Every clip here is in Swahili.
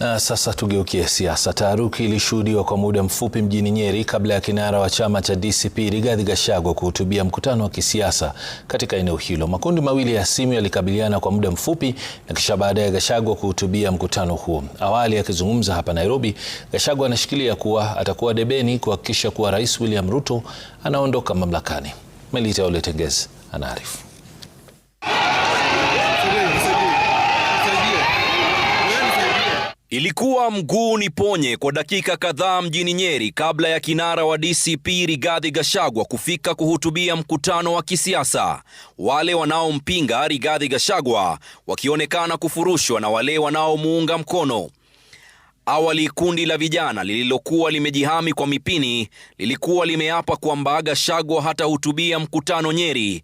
Na sasa tugeukie siasa. Taharuki ilishuhudiwa kwa muda mfupi mjini Nyeri kabla ya kinara wa chama cha DCP Rigathi Gachagua kuhutubia mkutano wa kisiasa katika eneo hilo. Makundi mawili ya simu yalikabiliana kwa muda mfupi na kisha baadaye Gachagua kuhutubia mkutano huo. Awali akizungumza hapa Nairobi, Gachagua anashikilia kuwa atakuwa debeni kuhakikisha kuwa Rais William Ruto anaondoka mamlakani. Melita Ole anaarifu. Ilikuwa mguu niponye kwa dakika kadhaa mjini Nyeri kabla ya kinara wa DCP Rigathi Gachagua kufika kuhutubia mkutano wa kisiasa, wale wanaompinga Rigathi Gachagua wakionekana kufurushwa na wale wanaomuunga mkono. Awali kundi la vijana lililokuwa limejihami kwa mipini lilikuwa limeapa kwamba Gachagua hatahutubia mkutano Nyeri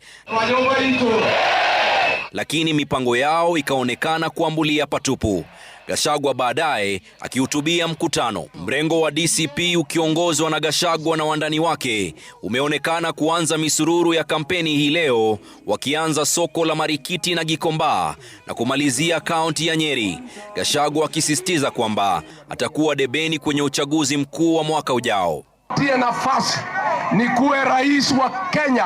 lakini mipango yao ikaonekana kuambulia patupu. Gashagwa baadaye akihutubia mkutano. Mrengo wa DCP ukiongozwa na Gashagwa na wandani wake umeonekana kuanza misururu ya kampeni hii leo, wakianza soko la Marikiti na Gikomba na kumalizia kaunti ya Nyeri, Gashagwa akisisitiza kwamba atakuwa debeni kwenye uchaguzi mkuu wa mwaka ujao. Tie nafasi ni kuwe rais wa Kenya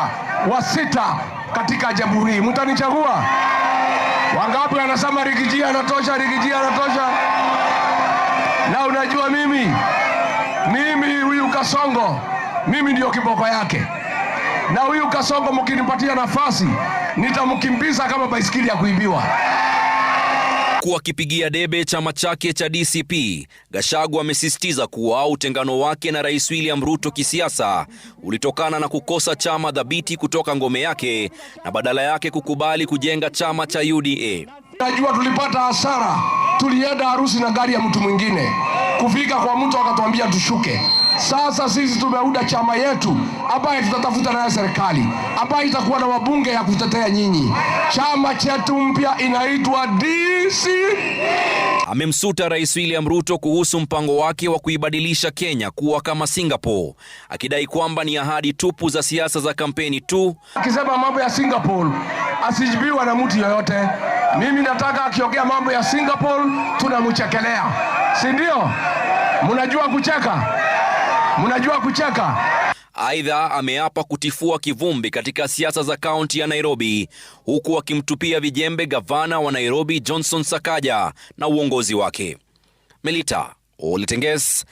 wa sita katika jamhuri hii. Mtanichagua wangapi? Wanasema Rigiji anatosha, Rigiji anatosha. Na unajua mimi, mimi huyu Kasongo, mimi ndiyo kiboko yake, na huyu Kasongo mkinipatia nafasi nitamkimbiza kama baisikeli ya kuibiwa. Huku akipigia debe chama chake cha DCP, Gachagua amesisitiza kuwa utengano wake na Rais William Ruto kisiasa ulitokana na kukosa chama dhabiti kutoka ngome yake na badala yake kukubali kujenga chama cha UDA. Najua tulipata hasara, tulienda harusi na gari ya mtu mwingine, kufika kwa mtu akatuambia tushuke sasa sisi tumeunda chama yetu ambaye tutatafuta nayo serikali ambaye itakuwa na wabunge ya kutetea nyinyi. Chama chetu mpya inaitwa DC. Amemsuta Rais William Ruto kuhusu mpango wake wa kuibadilisha Kenya kuwa kama Singapore, akidai kwamba ni ahadi tupu za siasa za kampeni tu, akisema mambo ya Singapore asijibiwa na mtu yoyote. Mimi nataka akiongea mambo ya Singapore tunamuchekelea si ndio? Mnajua kucheka mnajua kucheka. Aidha, ameapa kutifua kivumbi katika siasa za kaunti ya Nairobi, huku akimtupia vijembe gavana wa Nairobi Johnson Sakaja na uongozi wake. Melita Olitenges.